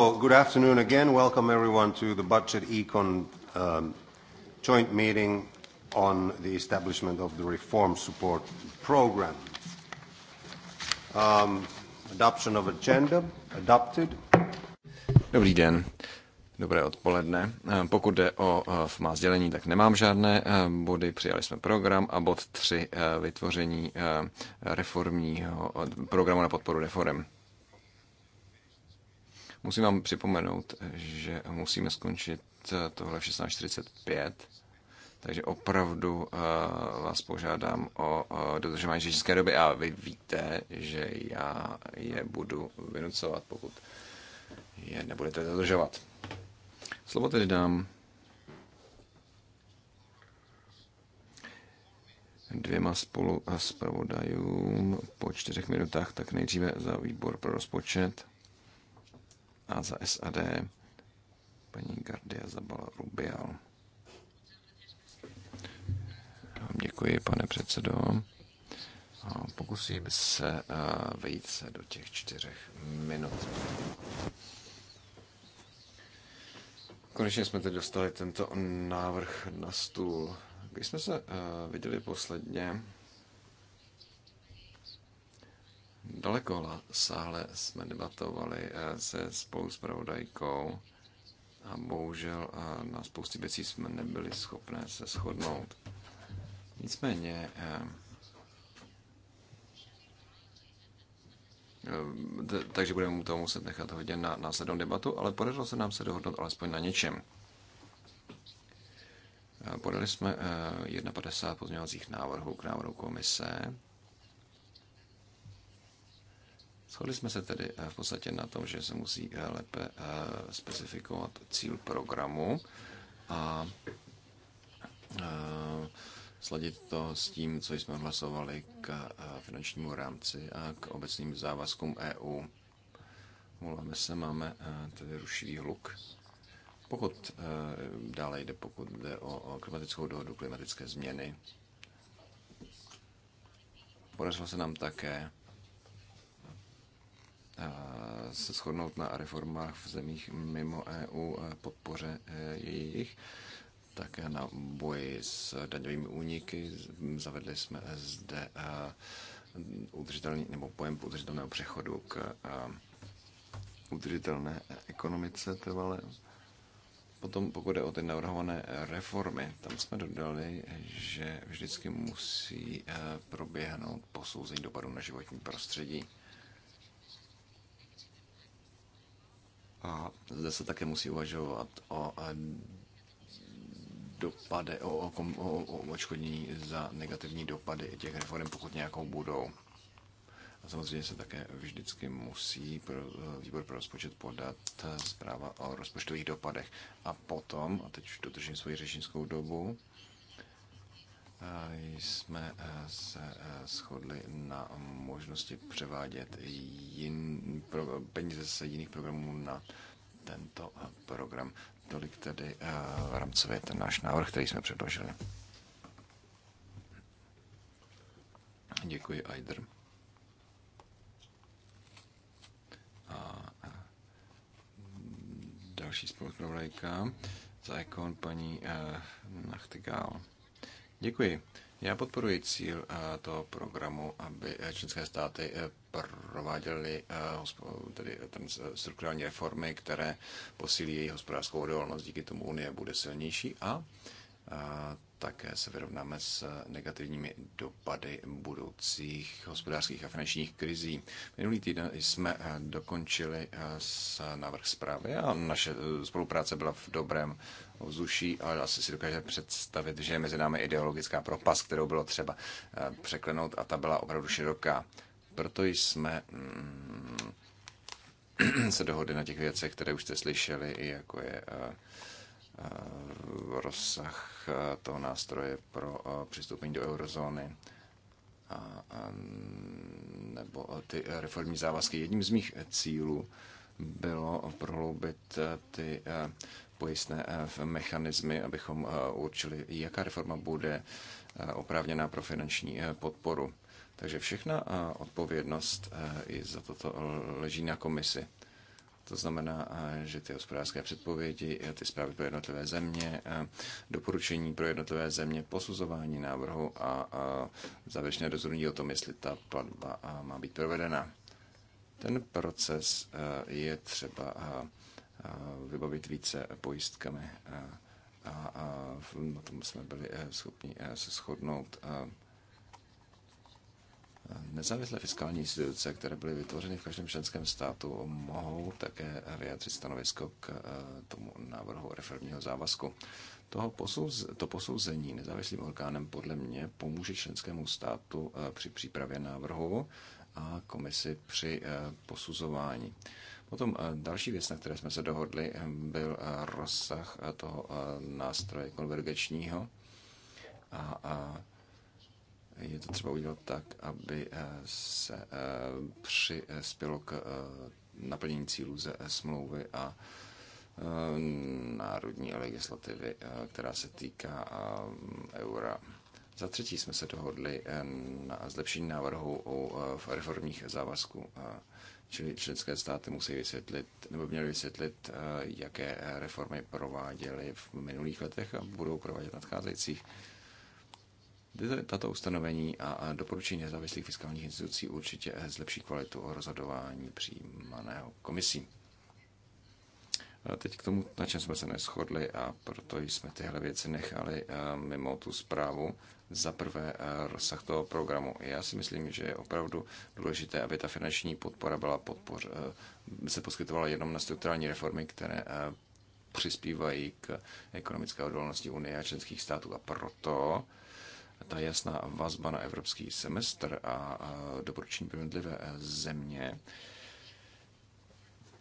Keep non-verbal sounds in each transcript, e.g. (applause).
Well, good afternoon again. Welcome everyone to the Budget Econ um, joint meeting on the establishment of the Reform Support Program. Um, adoption of agenda, adopted. Dobrý den. Dobré odpoledne. Eh, pokud jde o eh, má sdělení, tak nemám žádné eh, body. Přijali jsme program a bod 3 vytvoření reformního programu na podporu reform. Musím vám připomenout, že musíme skončit eh, tohle v 16.45, takže opravdu eh, vás požádám o eh, dodržování řečnické doby a vy víte, že já je budu vynucovat, pokud je nebudete dodržovat. Slovo tedy dám dvěma spolu a zpravodajům po čtyřech minutách, tak nejdříve za výbor pro rozpočet a za SAD paní Gardia Zabala Rubial. Děkuji, pane předsedo. Pokusím se vejít se do těch čtyřech minut. Konečně jsme teď dostali tento návrh na stůl. Když jsme se viděli posledně, daleko sáhle jsme debatovali eh, se spolu s pravodajkou a bohužel eh, na spoustě věcí jsme nebyli schopné se shodnout. Nicméně eh, takže budeme mu to muset nechat hodně na následnou debatu, ale podařilo se nám se dohodnout alespoň na něčem. Podali jsme 51 pozměňovacích návrhů k návrhu komise Shodli jsme se tedy eh, v podstatě na tom, že se musí eh, lépe eh, specifikovat cíl programu a sladit to s tím, co jsme hlasovali k finančnímu rámci a k obecným závazkům EU. Voláme se, máme tedy rušivý hluk. Pokud dále jde, pokud jde o klimatickou dohodu, klimatické změny, podařilo se nám také Eh, se shodnout na reformách v zemích mimo EU, eh, podpoře eh, jejich, také na boji s daňovými úniky. Zavedli jsme zde udržitelný, nebo pojem udržitelného přechodu k udržitelné ekonomice trvalé. Potom pokud jde o ty navrhované reformy, tam jsme dodali, že vždycky musí proběhnout posouzení dopadu na životní prostředí. A zde se také musí uvažovat o eh, dopade o, o, o, o očkodnění za negativní dopady těch reform, pokud nějakou budou. A samozřejmě se také vždycky musí pro eh, výbor pro rozpočet podat eh, zpráva o rozpočtových dopadech. A potom, a teď už dodržím svoji řečnickou dobu, jsme eh, se eh, shodli na možnosti převádět jin, pro, peníze z jiných programů na tento eh, program. Tolik tedy uh, rámcově ten náš návrh, který jsme předložili. Děkuji, Aider. A další spolupravodajka za Ekon paní uh, Děkuji. Já podporuji cíl eh, toho programu, aby eh, členské státy eh, prováděly tedy strukturální reformy, které posílí její hospodářskou odolnost. Díky tomu Unie bude silnější a také se vyrovnáme s eh, negativními dopady budoucích hospodářských a finančních krizí. Minulý týden jsme eh, dokončili eh, s návrh zprávy a naše spolupráce byla v dobrém vzduší, ale asi si dokážete představit, že je mezi námi ideologická propast, kterou bylo třeba překlenout a ta byla opravdu široká. Proto jsme mm, (clears throat) se dohodli na těch věcech, které už jste slyšeli, jako je Eh, rozsah eh, toho nástroje pro eh, přistoupení do eurozóny a, a, nebo ty reformní závazky. Jedním z mých cílů bylo prohloubit ty pojistné mechanismy, abychom určili, jaká reforma bude oprávněná pro finanční podporu. Takže všechna odpovědnost i za toto leží na komisi. To znamená, že ty hospodářské předpovědi, ty zprávy pro jednotlivé země, doporučení pro jednotlivé země, posuzování návrhu a závěrečné rozhodnutí o tom, jestli ta platba má být provedena. Ten proces je třeba vybavit více pojistkami a na tom jsme byli e, schopni e, se shodnout Nezávislé fiskální instituce, které byly vytvořeny v každém členském státu, mohou také vyjádřit stanovisko k eh, tomu návrhu reformního závazku. Toho posouz, to posouzení nezávislým orgánem podle mě pomůže členskému státu eh, při přípravě návrhu a komisi při eh, posuzování. Potom další věc, na které jsme se dohodli, byl rozsah toho nástroje konvergenčního a, a je to třeba udělat tak, aby eh, se eh, přispělo k eh, naplnění cílů ze smlouvy a národní legislativy, která se týká eura. Za třetí jsme se dohodli na zlepšení návrhu o reformních závazků, čili členské státy musí vysvětlit, nebo měly vysvětlit, jaké reformy prováděly v minulých letech a budou provádět v nadcházejících. Tato ustanovení a doporučení nezávislých fiskálních institucí určitě zlepší kvalitu rozhodování přijímaného komisí. teď k tomu, na čem jsme se neschodli a proto jsme tyhle věci nechali mimo tu zprávu. Za prvé rozsah toho programu. Já si myslím, že je opravdu důležité, aby ta finanční podpora byla podpoř, se poskytovala jenom na strukturální reformy, které přispívají k ekonomické odolnosti Unie a členských států. A proto ta jasná vazba na evropský semestr a doporučení pro jednotlivé eh, země,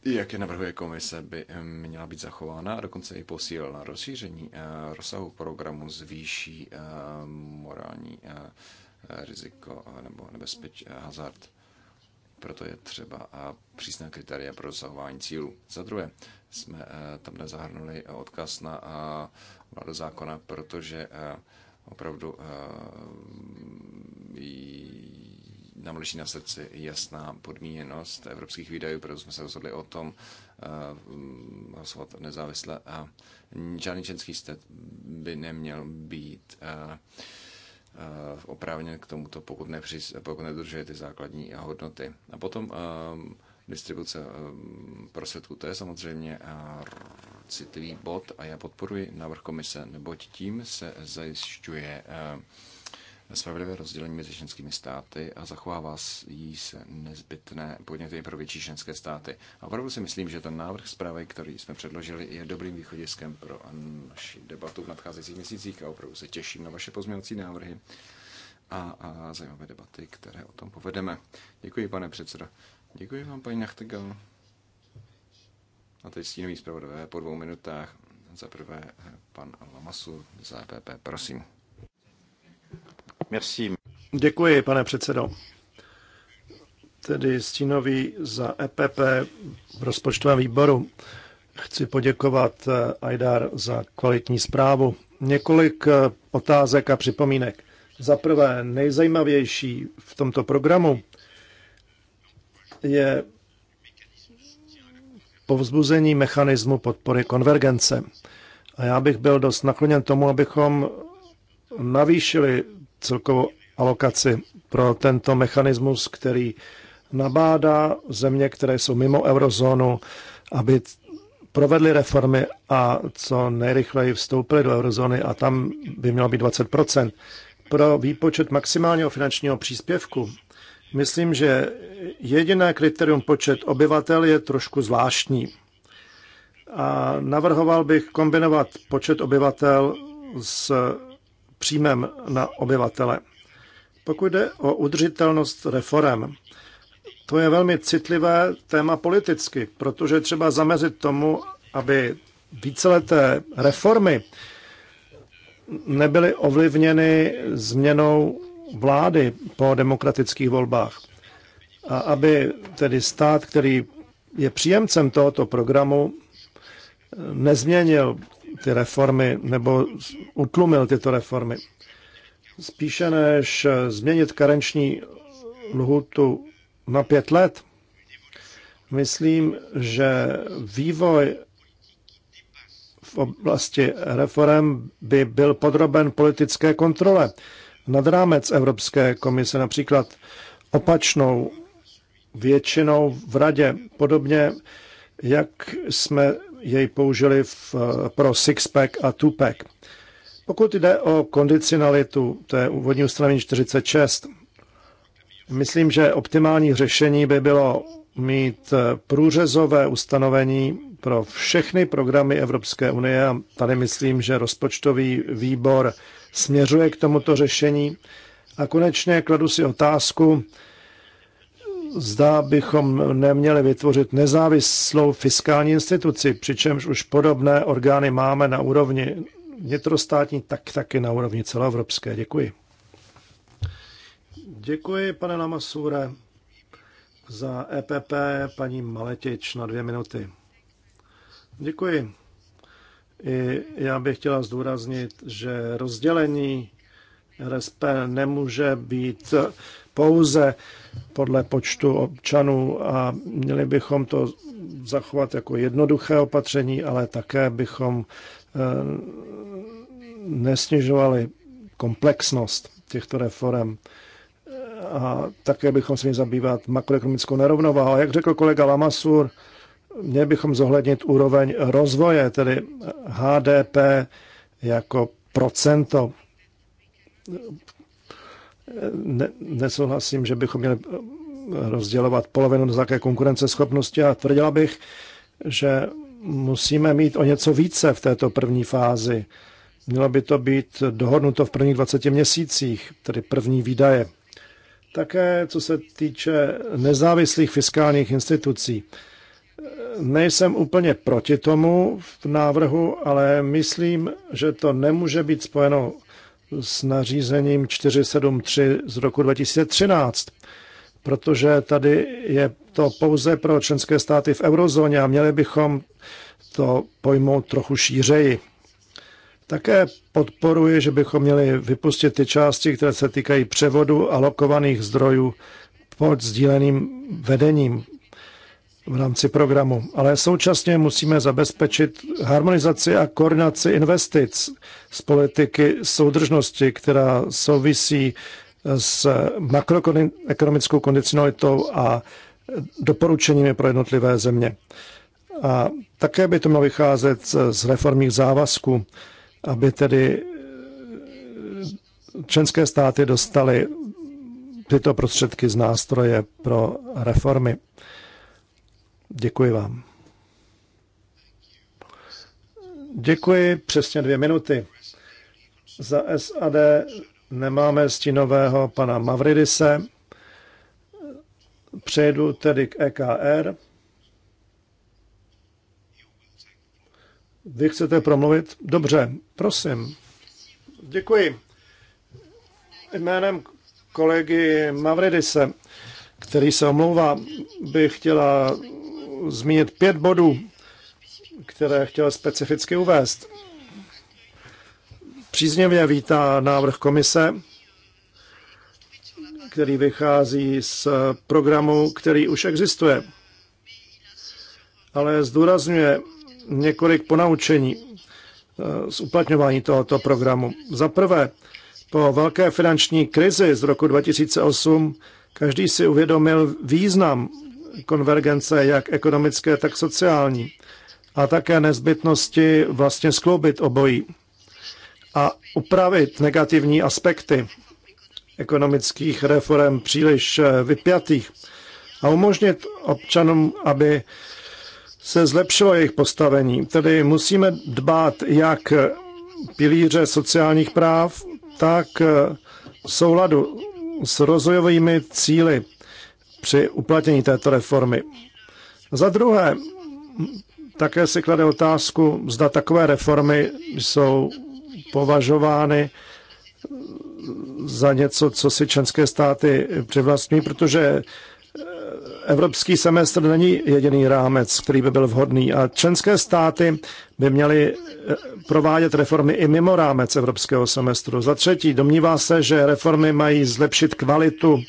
jak je navrhuje komise, by eh, měla být zachována a dokonce i posílena. Rozšíření eh, rozsahu programu zvýší morální riziko nebo nebezpeč, hazard. Proto je třeba přísná kritéria pro dosahování cílů. Za druhé, jsme tam nezahrnuli odkaz na vládu zákona, protože opravdu eh, nám leží na srdci jasná podmíněnost evropských výdajů, proto jsme se rozhodli o tom eh, hlasovat nezávisle a žádný členský stát by neměl být eh, oprávněn k tomuto, pokud, nepřiz, pokud nedržuje ty základní hodnoty. A potom distribuce prostředků, to je samozřejmě citlivý bod a já podporuji návrh komise, neboť tím se zajišťuje eh, spravedlivé rozdělení mezi ženskými státy a zachovává jí se nezbytné podněty pro větší ženské státy. A opravdu si myslím, že ten návrh zprávy, který jsme předložili, je dobrým východiskem pro naši debatu v nadcházejících měsících a opravdu se těším na vaše pozměňovací návrhy a, a zajímavé debaty, které o tom povedeme. Děkuji, pane předsedo. Děkuji vám, paní Nachtegal. A teď stínový zpravodové po dvou minutách. Za prvé pan Lamasu z EPP, prosím. Merci. Děkuji, pane předsedo. Tedy stínový za EPP v rozpočtovém výboru. Chci poděkovat eh, Aidar za kvalitní zprávu. Několik eh, otázek a připomínek. Za prvé, nejzajímavější v tomto programu je povzbuzení mechanismu podpory konvergence. A já bych byl dost nakloněn tomu, abychom navýšili celkovou alokaci pro tento mechanismus, který nabádá země, které jsou mimo eurozónu, aby provedly reformy a co nejrychleji vstoupily do eurozóny a tam by mělo být 20 Pro výpočet maximálního finančního příspěvku Myslím, že jediné kritérium počet obyvatel je trošku zvláštní. A navrhoval bych kombinovat počet obyvatel s příjmem na obyvatele. Pokud jde o udržitelnost reform, to je velmi citlivé téma politicky, protože třeba zamezit tomu, aby víceleté reformy nebyly ovlivněny změnou vlády po demokratických volbách. A aby tedy stát, který je příjemcem tohoto programu, nezměnil ty reformy nebo utlumil tyto reformy. Spíše než změnit karenční lhutu na pět let, myslím, že vývoj v oblasti reform by byl podroben politické kontrole, nad rámec Evropské komise, například opačnou většinou v radě, podobně jak jsme jej použili v, pro six-pack a two-pack. Pokud jde o kondicionalitu, to je úvodní ustanovení 46, myslím, že optimální řešení by bylo mít eh, průřezové ustanovení pro všechny programy Evropské unie a tady myslím, že rozpočtový výbor směřuje k tomuto řešení. A konečně kladu si otázku, zda bychom neměli vytvořit nezávislou fiskální instituci, přičemž už podobné orgány máme na úrovni vnitrostátní, tak taky na úrovni celoevropské. Děkuji. Děkuji, pane Lamasure. Za EPP paní Maletič na dvě minuty. Děkuji. I já bych chtěla zdůraznit, že rozdělení RSP nemůže být pouze podle počtu občanů a měli bychom to zachovat jako jednoduché opatření, ale také bychom eh, nesnižovali komplexnost těchto reform a také bychom se měli zabývat makroekonomickou nerovnováhou. Jak řekl kolega Lamasur, měli bychom zohlednit úroveň rozvoje, tedy HDP jako procento. Ne, nesouhlasím, že bychom měli rozdělovat polovinu na také konkurenceschopnosti a tvrdila bych, že musíme mít o něco více v této první fázi. Mělo by to být dohodnuto v prvních 20 měsících, tedy první výdaje. Také co se týče nezávislých fiskálních institucí. Nejsem úplně proti tomu v návrhu, ale myslím, že to nemůže být spojeno s nařízením 473 z roku 2013, protože tady je to pouze pro členské státy v eurozóně a měli bychom to pojmout trochu šířeji. Také podporuji, že bychom měli vypustit ty části, které se týkají převodu alokovaných zdrojů pod sdíleným vedením v rámci programu. Ale současně musíme zabezpečit harmonizaci a koordinaci investic z politiky soudržnosti, která souvisí s makroekonomickou kondicionalitou a doporučeními pro jednotlivé země. A také by to mělo vycházet z reformních závazků aby tedy eh, členské státy dostaly tyto prostředky z nástroje pro reformy. Děkuji vám. Děkuji, přesně dvě minuty. Za SAD nemáme stínového pana Mavridise. Přejdu tedy k EKR. Vy chcete promluvit? Dobře, prosím. Děkuji. Jménem kolegy Mavridise, který se omlouvá, bych chtěla zmínit pět bodů, které chtěla specificky uvést. Příznivě vítá návrh komise, který vychází z programu, který už existuje, ale zdůrazňuje, několik ponaučení eh, z uplatňování tohoto programu. Za prvé, po velké finanční krizi z roku 2008 každý si uvědomil význam konvergence, jak ekonomické, tak sociální, a také nezbytnosti vlastně skloubit obojí a upravit negativní aspekty ekonomických reform příliš eh, vypjatých a umožnit občanům, aby se zlepšilo jejich postavení. Tedy musíme dbát jak pilíře sociálních práv, tak souladu s rozvojovými cíly při uplatnění této reformy. Za druhé, také si klade otázku, zda takové reformy jsou považovány za něco, co si členské státy přivlastní, protože evropský semestr není jediný rámec, který by byl vhodný a členské státy by měly eh, provádět reformy i mimo rámec evropského semestru. Za třetí, domnívá se, že reformy mají zlepšit kvalitu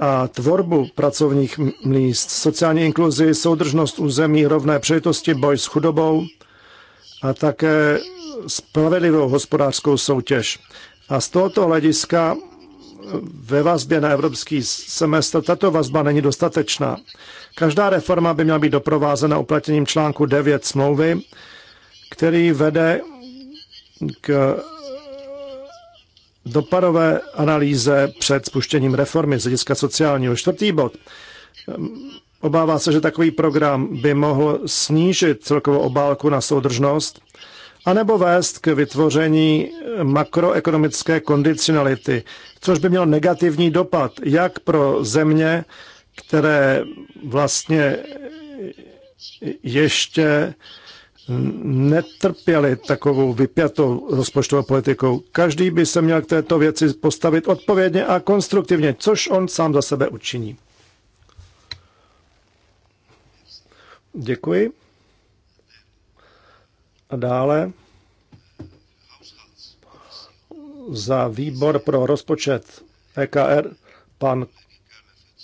a tvorbu pracovních míst, sociální inkluzi, soudržnost území, rovné přejitosti, boj s chudobou a také spravedlivou hospodářskou soutěž. A z tohoto hlediska ve vazbě na evropský semestr tato vazba není dostatečná. Každá reforma by měla být doprovázena uplatněním článku 9 smlouvy, který vede k dopadové analýze před spuštěním reformy z hlediska sociálního. Čtvrtý bod. Obává se, že takový program by mohl snížit celkovou obálku na soudržnost anebo vést k vytvoření makroekonomické kondicionality, což by mělo negativní dopad jak pro země, které vlastně ještě netrpěli takovou vypjatou rozpočtovou politikou. Každý by se měl k této věci postavit odpovědně a konstruktivně, což on sám za sebe učiní. Děkuji. A dále za výbor pro rozpočet EKR pan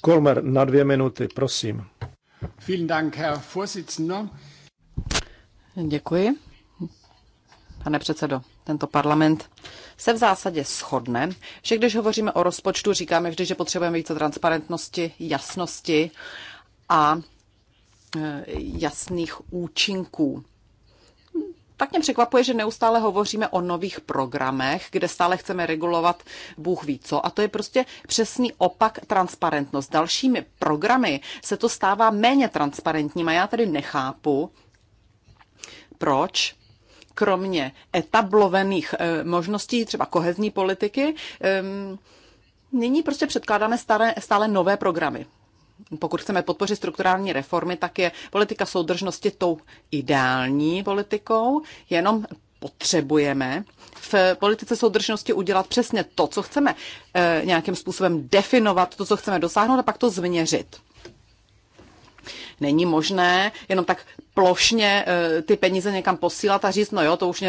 Kolmer na dvě minuty, prosím. Děkuji. Pane předsedo, tento parlament se v zásadě shodne, že když hovoříme o rozpočtu, říkáme vždy, že potřebujeme více transparentnosti, jasnosti a e, jasných účinků tak mě překvapuje, že neustále hovoříme o nových programech, kde stále chceme regulovat Bůh ví co. A to je prostě přesný opak transparentnost. Dalšími programy se to stává méně transparentním a já tady nechápu, proč kromě etablovených eh, možností třeba kohezní politiky, ehm, nyní prostě předkládáme stále nové programy pokud chceme podpořit strukturální reformy, tak je politika soudržnosti tou ideální politikou, jenom potřebujeme v politice soudržnosti udělat přesně to, co chceme eh, nějakým způsobem definovat, to, co chceme dosáhnout a pak to změřit. Není možné jenom tak plošně eh, ty peníze někam posílat a říct, no jo, to už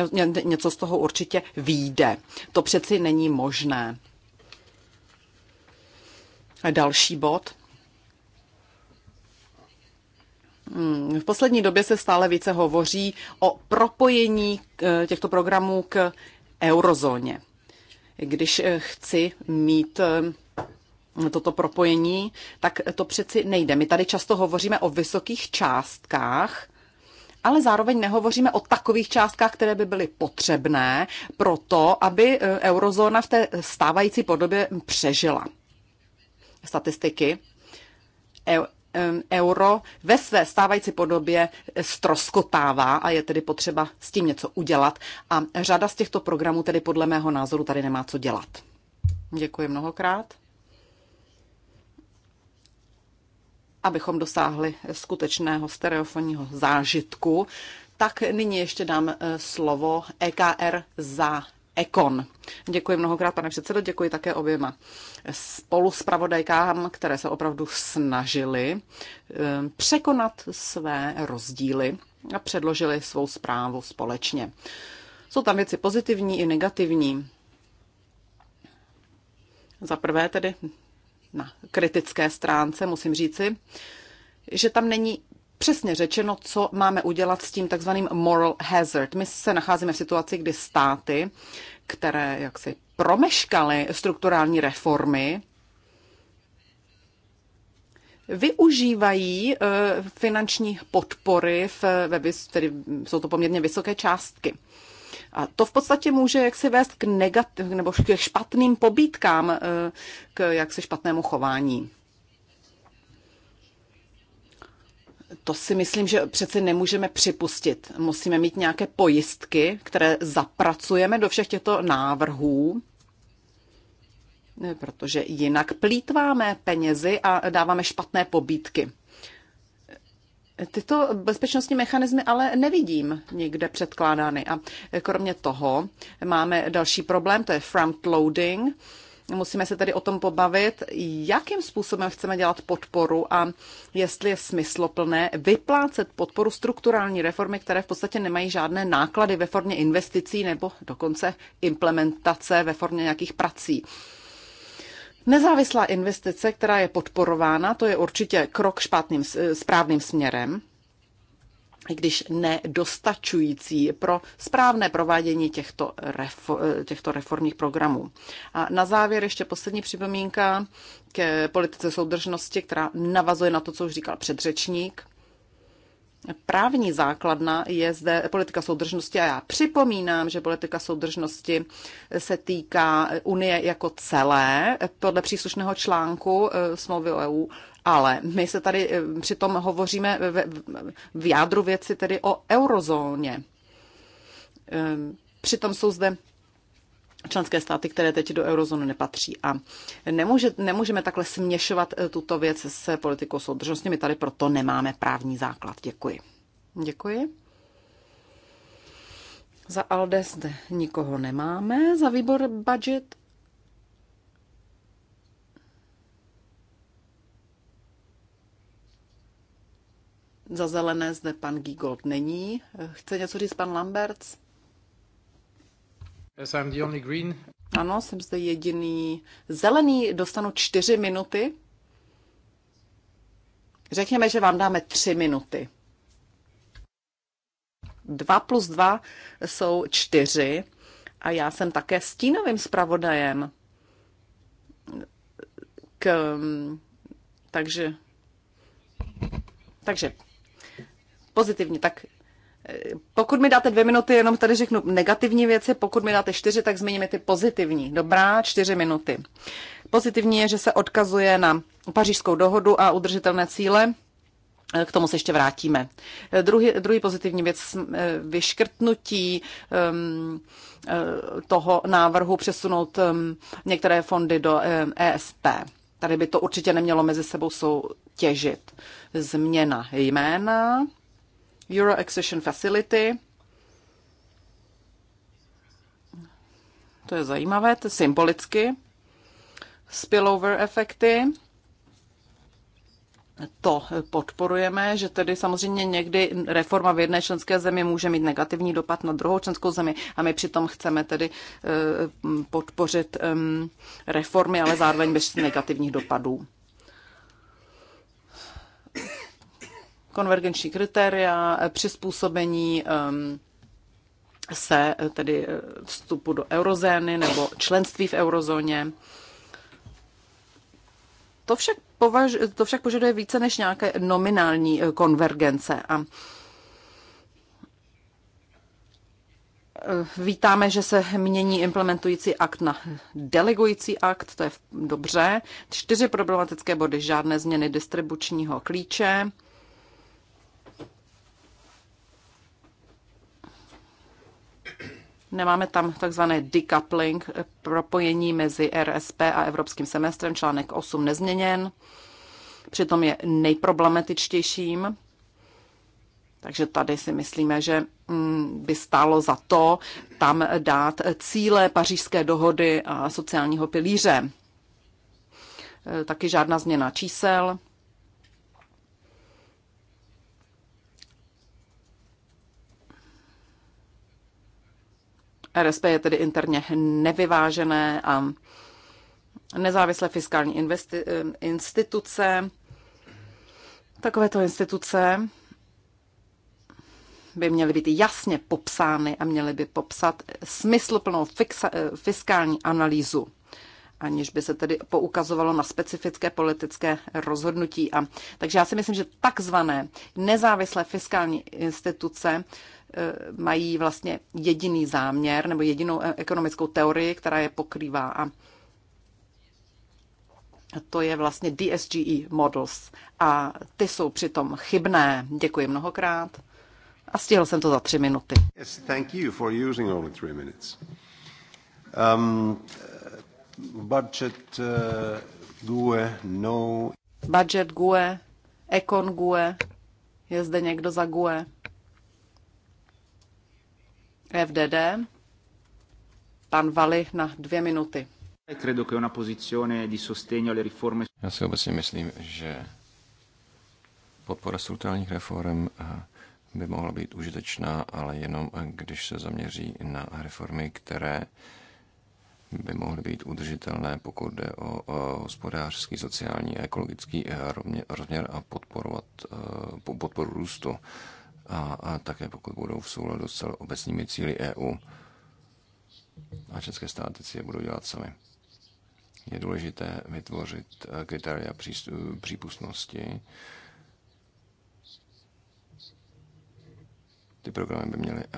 něco z toho určitě výjde. To přeci není možné. Další bod. Mm, v poslední době se stále více hovoří o propojení eh, těchto programů k eurozóně. Když eh, chci mít eh, toto propojení, tak to přeci nejde. My tady často hovoříme o vysokých částkách, ale zároveň nehovoříme o takových částkách, které by byly potřebné pro to, aby eurozóna v té stávající podobě přežila. Statistiky e, euro ve své stávající podobě stroskotává a je tedy potřeba s tím něco udělat. A řada z těchto programů tedy podle mého názoru tady nemá co dělat. Děkuji mnohokrát. Abychom dosáhli skutečného stereofonního zážitku, tak nyní ještě dám eh, slovo EKR za Ekon. Děkuji mnohokrát, pane předsedo, děkuji také oběma spolu s pravodajkám, které se opravdu snažili eh, překonat své rozdíly a předložili svou zprávu společně. Jsou tam věci pozitivní i negativní. Za prvé tedy na kritické stránce musím říci, že tam není přesně řečeno, co máme udělat s tím takzvaným moral hazard. My se nacházíme v situaci, kdy státy, které jaksi promeškaly strukturální reformy, využívají eh, finanční podpory, v, ve, tedy jsou to poměrně vysoké částky. A to v podstatě může jaksi vést k negativ, nebo k špatným pobítkám, eh, k jaksi špatnému chování. to si myslím, že přeci nemůžeme připustit. Musíme mít nějaké pojistky, které zapracujeme do všech těchto návrhů, protože jinak plítváme penězi a dáváme špatné pobídky. Tyto bezpečnostní mechanismy ale nevidím nikde předkládány. A kromě toho máme další problém, to je front loading. Musíme se tedy o tom pobavit, jakým způsobem chceme dělat podporu a jestli je smysloplné vyplácet podporu strukturální reformy, které v podstatě nemají žádné náklady ve formě investicí nebo dokonce implementace ve formě nějakých prací. Nezávislá investice, která je podporována, to je určitě krok špatným, správným směrem, i když nedostačující pro správné provádění těchto, refor- těchto reformních programů. A na závěr ještě poslední připomínka ke politice soudržnosti, která navazuje na to, co už říkal předřečník. Právní základna je zde politika soudržnosti a já připomínám, že politika soudržnosti se týká Unie jako celé podle příslušného článku eh, smlouvy o EU, ale my se tady eh, přitom hovoříme v jádru věci tedy o eurozóně. Ehm, přitom jsou zde členské státy, které teď do eurozóny nepatří. A nemůže, nemůžeme takhle směšovat eh, tuto věc s politikou soudržnosti. My tady proto nemáme právní základ. Děkuji. Děkuji. Za ALDE zde nikoho nemáme. Za výbor budget Za zelené zde pan Gigold není. Eh, chce něco říct pan Lamberts? Yes, I'm the only green. Ano, jsem zde jediný zelený, dostanu čtyři minuty. Řekněme, že vám dáme tři minuty. Dva plus dva jsou čtyři. a já jsem také stínovým zpravodajem. K, takže, takže pozitivně tak pokud mi dáte dvě minuty, jenom tady řeknu negativní věci, pokud mi dáte čtyři, tak zmíním ty pozitivní. Dobrá, čtyři minuty. Pozitivní je, že se odkazuje na pařížskou dohodu a udržitelné cíle. K tomu se ještě vrátíme. Druhý, druhý pozitivní věc, eh, vyškrtnutí um, toho návrhu přesunout um, některé fondy do um, eh, ESP. Tady by to určitě nemělo mezi sebou soutěžit. Změna jména, Euro Accession Facility. To je zajímavé, to je symbolicky. Spillover efekty. To podporujeme, že tedy samozřejmě někdy reforma v jedné členské zemi může mít negativní dopad na druhou členskou zemi a my přitom chceme tedy eh, podpořit ehm, reformy, ale zároveň bez negativních dopadů. konvergenční kritéria, eh, přizpůsobení ehm, se eh, tedy eh, vstupu do eurozóny nebo členství v eurozóně. To však, považ, to však požaduje více než nějaké nominální konvergence. A Vítáme, že se mění implementující akt na delegující akt, to je dobře. Čtyři problematické body, žádné změny distribučního klíče, Nemáme tam takzvané decoupling, propojení mezi RSP a evropským semestrem, článek 8 nezměněn. Přitom je nejproblematičtějším. Takže tady si myslíme, že mm, by stálo za to tam dát cíle pařížské dohody a sociálního pilíře. E, taky žádná změna čísel. RSP je tedy interně nevyvážené a nezávislé fiskální investi- eh, instituce, takovéto instituce by měly být jasně popsány a měly by popsat smysluplnou fixa- eh, fiskální analýzu aniž by se tedy poukazovalo na specifické politické rozhodnutí. A, takže já si myslím, že takzvané nezávislé fiskální instituce eh, mají vlastně jediný záměr nebo jedinou eh, ekonomickou teorii, která je pokrývá. A to je vlastně DSGE models. A ty jsou přitom chybné. Děkuji mnohokrát. A stihl jsem to za tři minuty. Yes, thank you for using only three minutes. Um, Budget eh, GUE, no. Budget GUE, Econ GUE. Je zde někdo za GUE? FDD. Pan Vali na dvě minuty. Credo che una posizione di sostegno alle riforme... Já si obecně myslím, že podpora strukturálních reform eh, by mohla být užitečná, ale jenom eh, když se zaměří na reformy, které by mohly být udržitelné, pokud jde o hospodářský, sociální a ekologický eh, rozměr a podporovat eh, podporu růstu. A, a také pokud budou v souladu s obecnými cíly EU a české státy si je budou dělat sami. Je důležité vytvořit eh, kritéria přípustnosti, Ty programy by měly eh,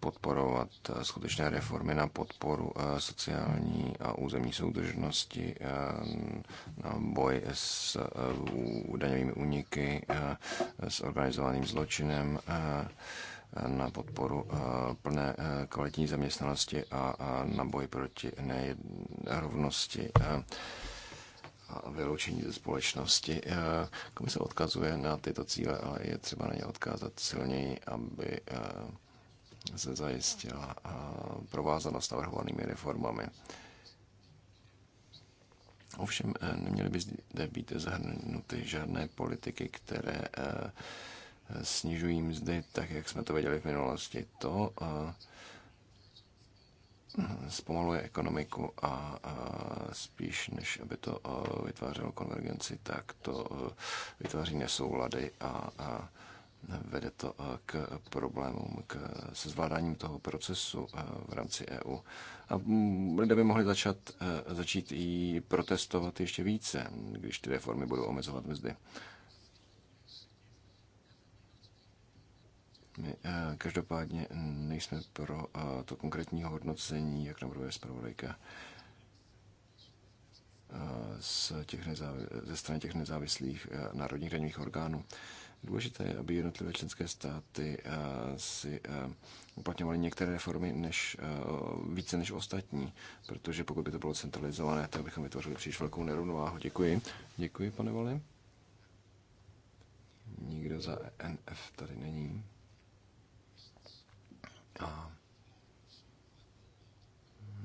podporovat eh, skutečné reformy na podporu eh, sociální a územní soudržnosti, na boj s daňovými úniky, s organizovaným zločinem, na podporu plné kvalitní zaměstnanosti a na boj proti nerovnosti a vyloučení ze společnosti. Eh, komise odkazuje na tyto cíle, ale je třeba na ně odkázat silněji, aby eh, se zajistila eh, provázanost navrhovanými reformami. Ovšem neměly by zde být zahrnuty žádné politiky, které snižují mzdy, tak jak jsme to věděli v minulosti. To zpomaluje ekonomiku a spíš než aby to vytvářelo konvergenci, tak to vytváří nesoulady a vede to k problémům, k se zvládáním toho procesu v rámci EU. A lidé by mohli začat, začít i protestovat ještě více, když ty reformy budou omezovat mzdy. My eh, každopádně nejsme pro eh, to konkrétní hodnocení, jak navrhuje zpravodajka eh, ze strany těch nezávislých národních daňových orgánů. Důležité je, aby jednotlivé členské státy si uplatňovaly některé reformy, než, více než ostatní, protože pokud by to bylo centralizované, tak bychom vytvořili příliš velkou nerovnováhu. Děkuji. Děkuji, pane Vali. Nikdo za NF tady není. A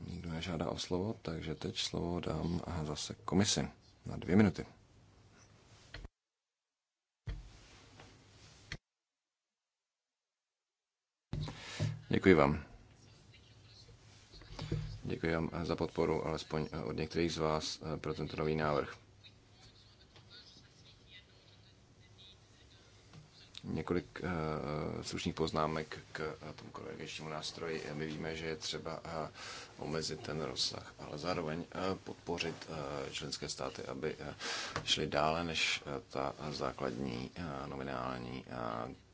nikdo nežádá o slovo, takže teď slovo dám zase komisi na dvě minuty. Děkuji vám. Děkuji vám za podporu, alespoň od některých z vás, eh, pro tento nový návrh. Několik eh, slušných poznámek k eh, tomu konvergenčnímu nástroji. My víme, že je třeba eh, omezit ten rozsah, ale zároveň podpořit členské státy, aby šly dále než ta základní nominální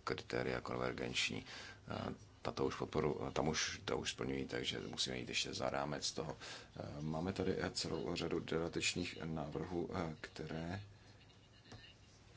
kritéria konvergenční. Tato už podporu, tam už, to už splňují, takže musíme jít ještě za rámec toho. Máme tady celou řadu dodatečných návrhů, které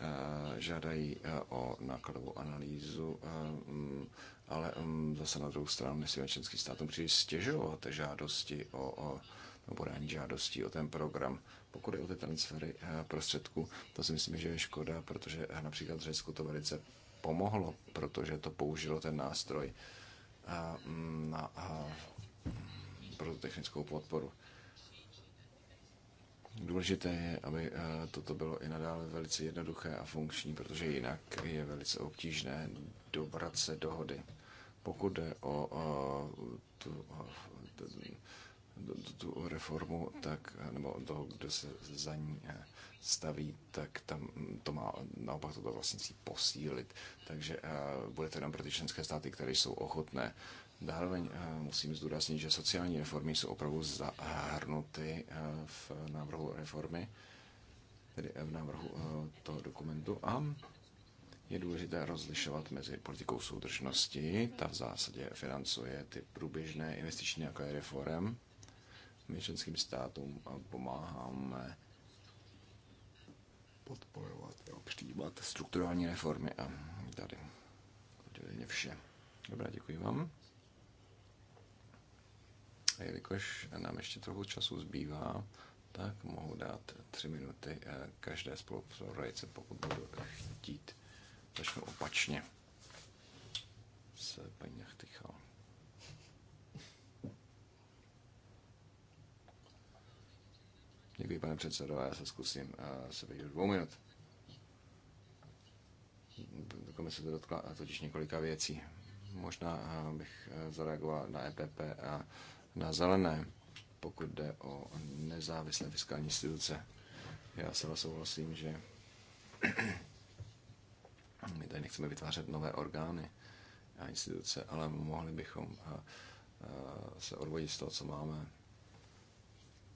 Eh, žádají eh, o nákladovou analýzu, eh, mm, ale mm, zase na druhou stranu nesmíme členský státům příliš stěžovat žádosti o, o nebo podání žádostí o ten program. Pokud je o ty transfery prostředků, to si myslím, že je škoda, protože například Řecku to velice pomohlo, protože to použilo ten nástroj mm, na, na, pro technickou podporu. Důležité je, aby eh, toto bylo i nadále velice jednoduché a funkční, protože jinak je velice obtížné dobrat se dohody. Pokud jde o, o eh, tu, eh, tu, tu reformu, tak, nebo toho, kdo se za ní staví, tak tam to má naopak toto vlastnictví posílit. Takže budete bude to jenom pro ty členské státy, které jsou ochotné Zároveň eh, musím zdůraznit, že sociální reformy jsou opravdu zahrnuty eh, v návrhu reformy, tedy eh, v návrhu toho dokumentu. A je důležité rozlišovat mezi politikou soudržnosti, ta v zásadě financuje ty průběžné investiční je reform. My členským státům pomáháme podporovat a přijímat strukturální reformy a tady. To vše. Dobrá, děkuji vám. A jelikož nám ještě trochu času zbývá, tak mohu dát tři minuty eh, každé spolupředajce, pokud budu chtít. Začnu opačně. Se paní Nechtychal. Děkuji, pane předsedo, já se zkusím eh, se vejít dvou minut. Komise se to dotkla eh, totiž několika věcí. Možná bych zareagoval na EPP a na zelené, pokud jde o nezávislé fiskální instituce. Já se souhlasím, že (clears throat) my tady nechceme vytvářet nové orgány a instituce, ale mohli bychom eh, eh, se odvodit z toho, co máme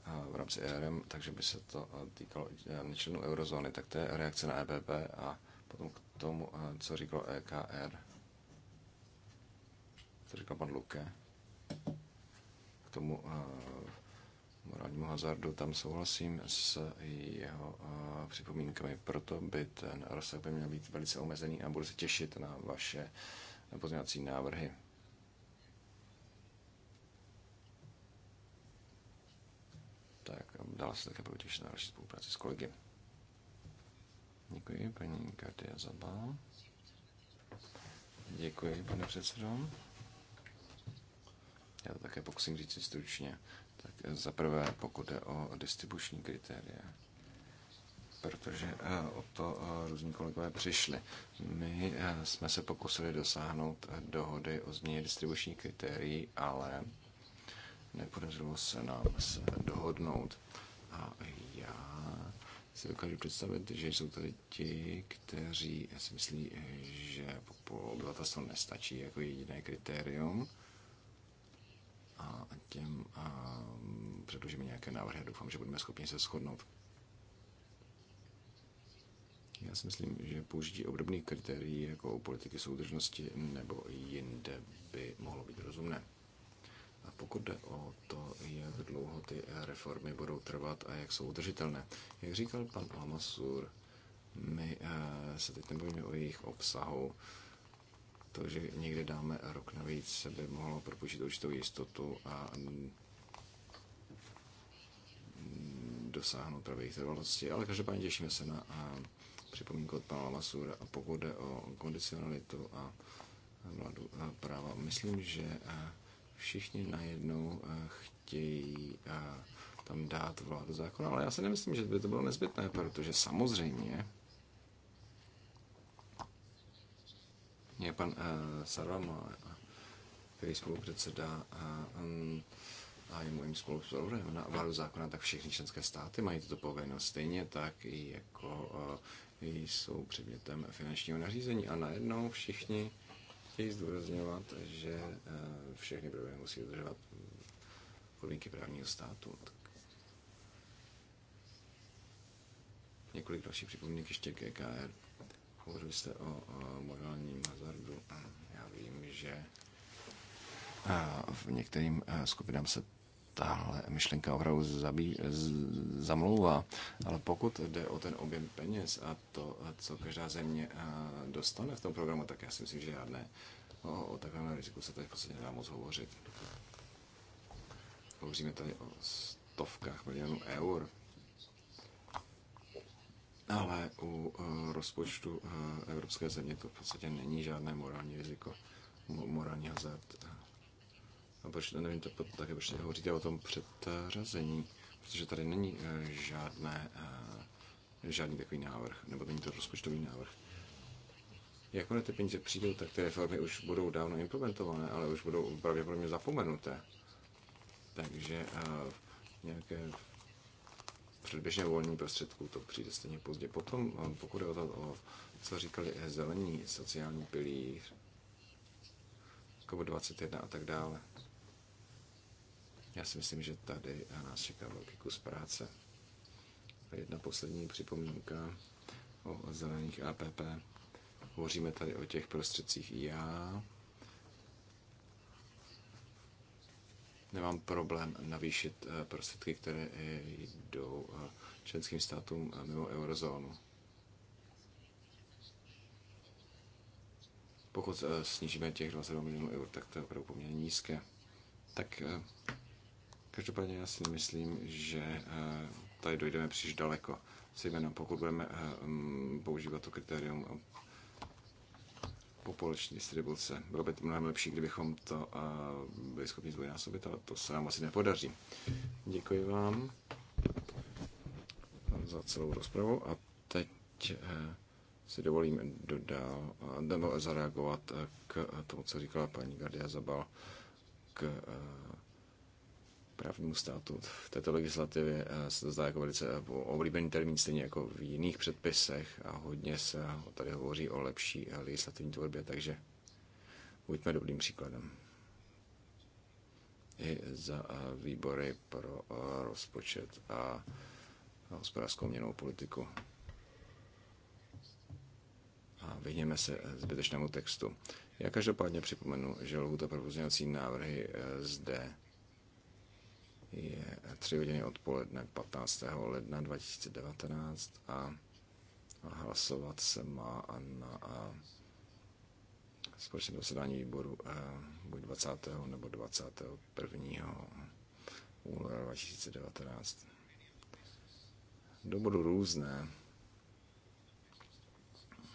eh, v rámci ERM, takže by se to týkalo nečlenů eurozóny, tak to je reakce na EPP a potom k tomu, co říkal EKR, co říkal pan Luke tomu eh, morálnímu hazardu, tam souhlasím s jeho eh, připomínkami, proto by ten rozsah by měl být velice omezený a budu se těšit na vaše pozměňovací návrhy. Tak dál se také budu těšit na další spolupráci s kolegy. Děkuji, paní Katia Zabal. Děkuji, pane předsedo. Já to také pokusím říct stručně. Tak eh, za prvé, pokud jde o distribuční kritéria, protože eh, o to eh, různí kolegové přišli. My jsme se pokusili dosáhnout dohody o změně distribučních kritérií, ale nepodařilo se nám se dohodnout. A já si dokážu představit, že jsou tady ti, kteří si myslí, že obyvatelstvo nestačí jako jediné kritérium a těm a mm, předložíme nějaké návrhy a doufám, že budeme schopni se shodnout. Já si myslím, že použití obdobných kritérií jako u politiky soudržnosti nebo jinde by mohlo být rozumné. A pokud jde o to, jak dlouho ty reformy budou trvat a jak jsou udržitelné, jak říkal pan Almasur, my eh, se teď nebojíme o jejich obsahu, to, že někde dáme rok navíc, by mohlo propočít určitou jistotu a mm, dosáhnout pravých trvalosti. Ale každopádně těšíme se na připomínku od pana Lamasura. A pokud jde o kondicionalitu a vládu práva, myslím, že všichni najednou chtějí tam dát vládu zákona, ale já si nemyslím, že by to bylo nezbytné, protože samozřejmě je pan uh, Sarvama, který spolu předsedá eh, mm, a, je mojím spolupředsedem na vládu zákona, tak všechny členské státy mají tuto povinnost. Stejně tak i jako uh, jsou předmětem finančního nařízení. A najednou všichni chtějí zdůrazňovat, že uh, všechny programy musí dodržovat podmínky právního státu. Tak několik dalších připomínek ještě k EKR. Hovořili jste o, o morálním hazardu. Já vím, že v některým skupinám se tahle myšlenka opravdu zabí, z, zamlouvá. Ale pokud jde o ten objem peněz a to, co každá země dostane v tom programu, tak já si myslím, že žádné o, o takovém riziku se tady v podstatě nedá moc hovořit. Hovoříme tady o stovkách milionů eur ale u eh, rozpočtu eh, evropské země to v podstatě není žádné morální riziko, morální hazard. Eh, a proč, nevím, to, také proč hovoříte o tom předřazení, protože tady není žádné, žádný takový návrh, nebo není to rozpočtový návrh. Jakmile ty peníze přijdou, tak ty reformy už budou dávno implementované, ale už budou pravděpodobně zapomenuté. Takže nějaké předběžné volní prostředků, to přijde stejně pozdě. Potom, eh, pokud je o to, o, co říkali eh, zelení, sociální pilíř, jako COP21 a tak dále, já si myslím, že tady eh, nás čeká velký kus práce. A jedna poslední připomínka o zelených APP. Hovoříme tady o těch prostředcích. Já nemám problém navýšit eh, prostředky, které eh, jdou eh, členským státům mimo eurozónu. Pokud snížíme těch 22 milionů eur, tak to je opravdu poměrně nízké. Tak každopádně já si myslím, že tady dojdeme příliš daleko, zejména pokud budeme používat to kritérium populační distribuce. Bylo by to mnohem lepší, kdybychom to eh, byli schopni zdvojnásobit, ale to se nám asi nepodaří. Děkuji vám eh, za celou rozpravu a teď eh, si dovolím dodal, nebo zareagovat k tomu, co říkala paní Gardia Zabal k právnímu státu v této legislativě se to zdá jako velice eh, oblíbený termín, stejně jako v jiných předpisech a hodně se tady hovoří o lepší eh, legislativní tvorbě, takže buďme dobrým příkladem. I za eh, výbory pro rozpočet a hospodářskou měnou politiku. A vyhněme se zbytečnému textu. Já každopádně připomenu, že lhůta pro návrhy zde je 3 hodiny odpoledne 15. ledna 2019 a hlasovat se má na společném zasedání výboru eh, buď 20. nebo 21. února 2019. Do bodu různé,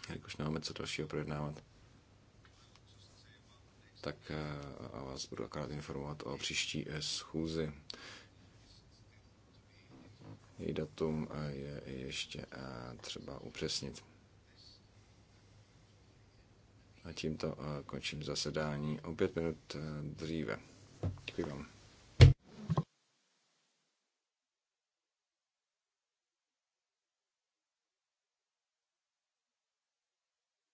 jakož nemáme co dalšího projednávat, tak eh, vás budu akorát informovat o příští eh, schůzi. Její datum eh, je ještě třeba upřesnit. A tímto končím zasedání o pět minut dříve. Děkuji vám.